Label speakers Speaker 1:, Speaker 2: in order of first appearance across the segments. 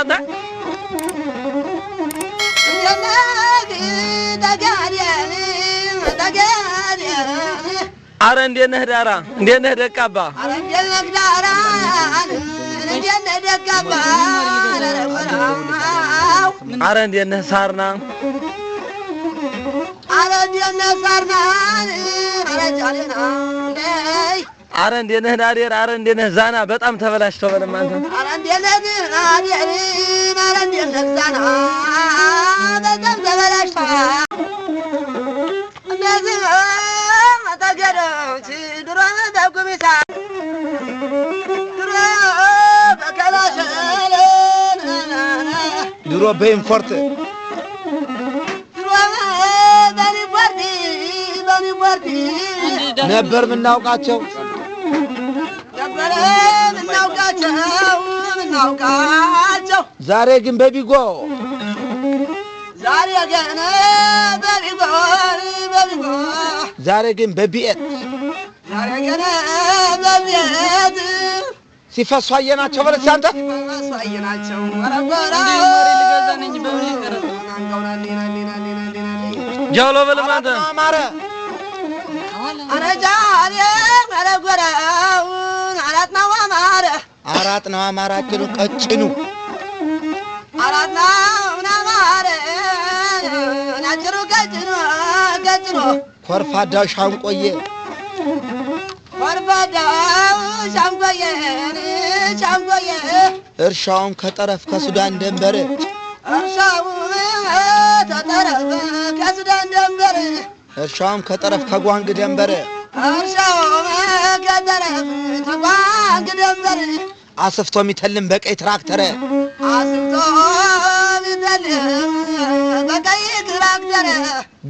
Speaker 1: ada. አረ እንዴት ነህ ዳራ? እንዴት ነህ ደካባ? አረ እንዴት ነህ ዳራ? እንዴት ነህ ደካባ? አረ እንዴት ነህ ሳርና? አረ እንዴት ነህ ሳርና? አረ ጫሌና አረ እንዴት ነህ ናዴር? አረ እንዴት ነህ ዛና? በጣም ተበላሽቶ በለም አንተ። አረ እንዴት ነህ ናዴር? አረ እንዴት ነህ ዛና? በጣም ተበላሽቶ እነዚህ ተገዶች ድሮ በጉሚሳ ድሮ በከላሸን ድሮ በኢምፖርት ነበር የምናውቃቸው። ምናውቃቸው ዛሬ ግን በቢጎ ዛሬ ግን በቢጎ በቢጎ ዛሬ ግን በቢኤት ዛሬ ግን በቢኤት ሲፈሱ አየናቸው። በለስ አንተ ሲፈሱ አየናቸው። ጃውሎ አማረ አራት ነው አማራ ኪሎ ቀጭኑ አራት ነው አማራ ናጭሩ ቀጭኑ ቀጭኑ ኮርፋዳው ሻንቆዬ ኮርፋዳው ሻንቆዬ ሻንቆዬ እርሻውን ከጠረፍ ከሱዳን ደንበር እርሻው ተጠረፍ ከሱዳን ደንበር እርሻውን ከጠረፍ ከጓንግ ደንበር አስፍቶ የሚተልም በቀይ ትራክተር አስፍቶ የሚተልም በቀይ ትራክተር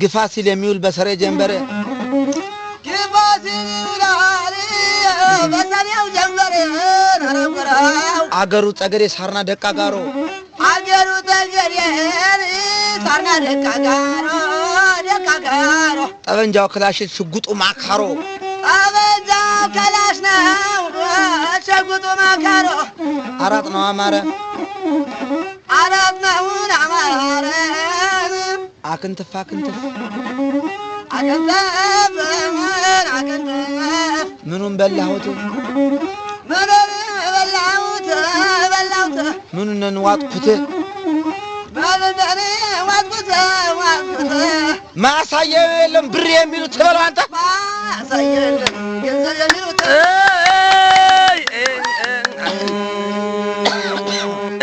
Speaker 1: ግፋ ሲል የሚውል በሰሬ ጀንበር ግፋ ሲል በሰሬው ጀንበር አገሩ ጠገዴ ሳርና ደቃ ጋሮ አገሩ ጠገዴ ሳርና ደቃ ጋሮ أبنجاو كلاش شقوط معك حرو أبنجاو كلاشنا شقوط معك حرو عرضنا أمارة عرضنا هون عمارة أكنتف أكنتف أكنتف من أكنتف منهم بلهوتو منهم بلهوتو بلهوتو منهم نواط قتل منهم ማሳያ የለም ብር የሚሉት ትበለው አንተ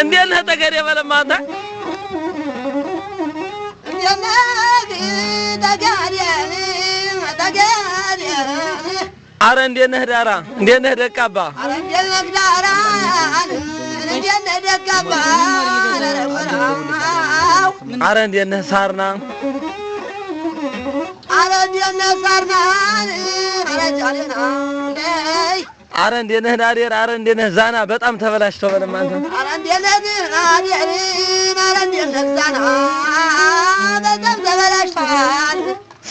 Speaker 1: እንዴት ነህ ተገሬ በለማ አንተ አረ እንዴት ነህ ዳራ እንዴት ነህ ደቃባ عرن ديالنا سهرنا عرن ديالنا سهرنا عرج علينا አረ እንዴት ነህ ዳዴር? አረ እንዴት ነህ ዛና? በጣም ተበላሽቶ በለም አንተ። አረ እንዴት ነህ ዳዴር? አረ እንዴት ነህ ዛና? በጣም ተበላሽቷል።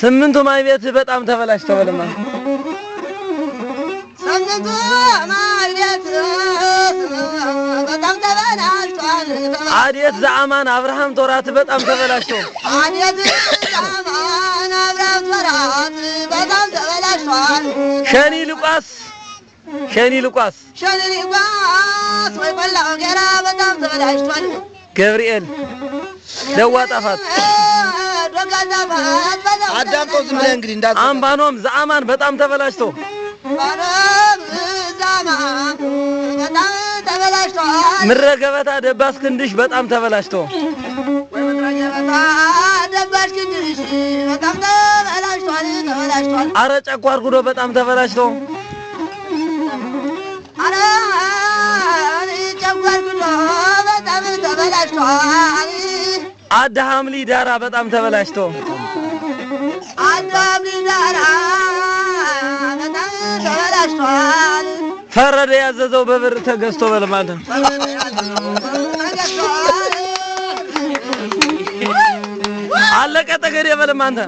Speaker 1: ስምንቱ ማይ ቤት በጣም ተበላሽቶ በለም አንተ። ስምንቱ አዴት ዘአማን አብርሃም ቶራት በጣም ተበላሽቶ አዴት ዘአማን አብርሃም ቶራት በጣም ተበላሸዋል። ሸኒ ልቋስ ሸኒ ልቋስ ሸኒ ልቋስ ወይ ቆላው ገራ በጣም ተበላሽቷል። ገብርኤል ደዋ ጣፋት አዳምጦ ዝም ብለህ እንግዲህ እንዳትሰማ። አምባኖም ዘአማን በጣም ተበላሽቶ ባኖም ዘአማን ምረገበታ ገበታ ደባስ ክንድሽ በጣም ተበላሽቶ አረ ጨኳ ጉዶ በጣም ተበላሽቶ አደ ሐምሊ ዳራ በጣም ተበላሽቶ አደ ሐምሊ ዳራ በጣም ተበላሽቷል። ፈረደ ያዘዘው በብር ተገዝቶ በልማት ነው። አለቀ ጠገዴ በልማት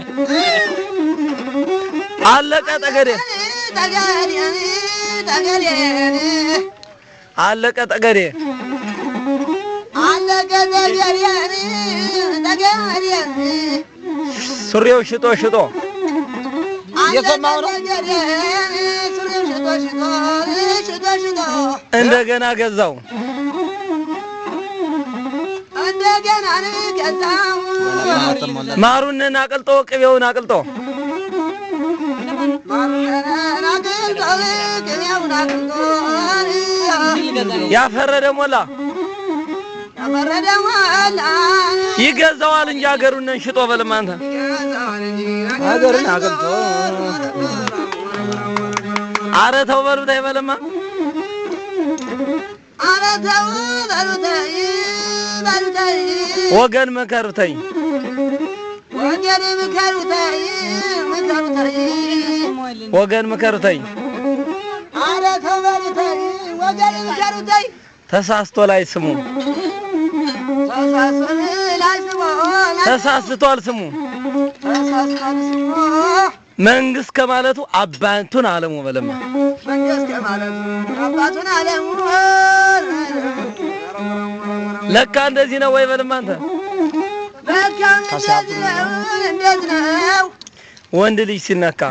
Speaker 1: አለቀ ጠገዴ አለቀ ጠገዴ ሱሪው ሽጦ ሽጦ እንደገና ገዛው ማሩንን አቅልጦ ቅቤውን አቅልጦ ያፈረደ ሞላ ይገዛዋል እንጂ አገሩንን ሽጦ በልማንተ ሀገርን አገልጦ አረ ተው በሉት አይበለማ አረ ተው ወገን ምከሩተኝ ወገን ምከሩተኝ ወገን ምከሩተኝ አረ ተው ወገን ተሳስቶ ላይ ስሙ ተሳስቷል ስሙ መንግስት ከማለቱ አባቱን አለሙ በለማ መንግስት ከማለቱ አባቱን አለሙ ለካ እንደዚህ ነው ወይ በለማ አንተ ለካ እንደዚህ ነው ወንድ ልጅ ሲነካ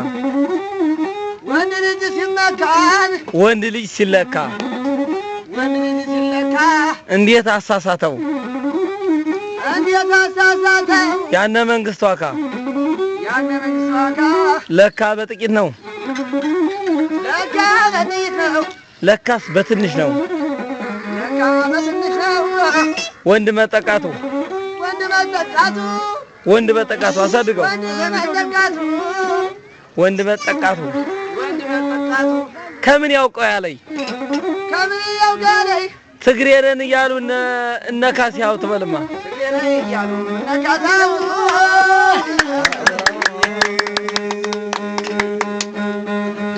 Speaker 1: ወንድ ልጅ ሲነካ ወንድ ልጅ ሲለካ ወንድ ልጅ ሲለካ እንዴት አሳሳተው እንዴት አሳሳተው ያነ መንግስቷ ካ ለካ በጥቂት ነው። ለካስ በትንሽ ነው። ወንድ መጠቃቱ ወንድ መጠቃቱ አሳድገው ወንድ መጠቃቱ ከምን ያውቀው ያለይ ትግሬ ነን እያሉ እነ ካሴ ያው ትበልማ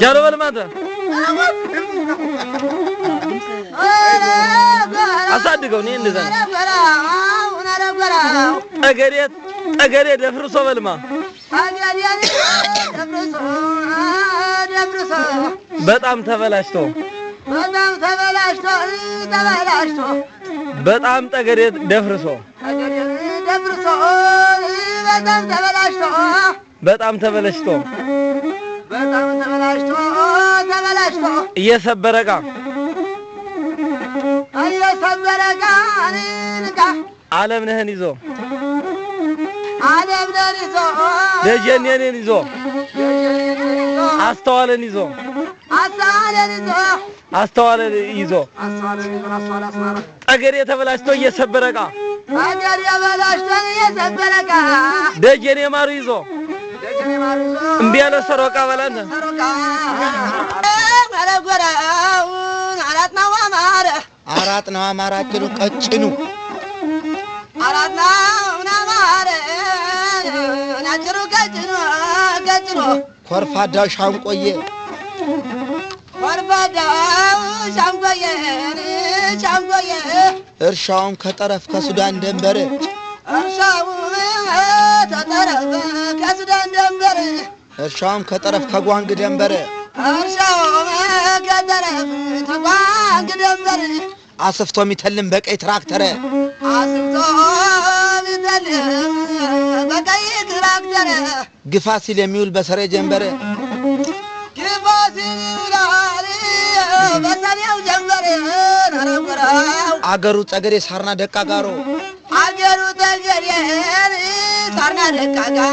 Speaker 1: Gel olmadı. አሳድገው ነው እንደዛ አገሬት አገሬ ደፍርሶ በልማ በጣም ተበላሽቶ በጣም ተበላሽቶ ተበላሽቶ በጣም ጠገሬ ደፍርሶ ደፍርሶ በጣም ተበላሽቶ በጣም ተበላሽቶ በጣም ተበላሽቶ ተበላሽቶ እየሰበረ ዕቃ እየሰበረ ዕቃ እኔን ዕቃ አለምነህን ይዞ አለምነህን ይዞ ደጀኔንን ይዞ አስተዋለን ይዞ አስተዋለን ይዞ አስተዋለን ይዞ ጠገሬ ተበላሽቶ እየሰበረ ዕቃ ጠገሬ ተበላሽቶ እየሰበረ ዕቃ ደጀኔ ማሩ ይዞ እምቢ አለ ሰሮቃ በላን አራት ነው አማራ ኪሉ ቀጭኑ አራት ነው ናጭሩ ቀጭኑ ቀጭኑ ኮርፋዳ እርሻውን ከጠረፍ ከሱዳን ደንበር እርሻውም ከጠረፍ ከጓንግ ደንበር አስፍቶ የሚተልም በቀይ ትራክተር ግፋ ሲል የሚውል በሰሬ ጀንበር ግፋ ሲል ይውላል በሰሬው ጀንበር አገሩ ጸገዴ ሳርና ደቃ ጋሮ Al Jerusalem, Sarnar Kaga.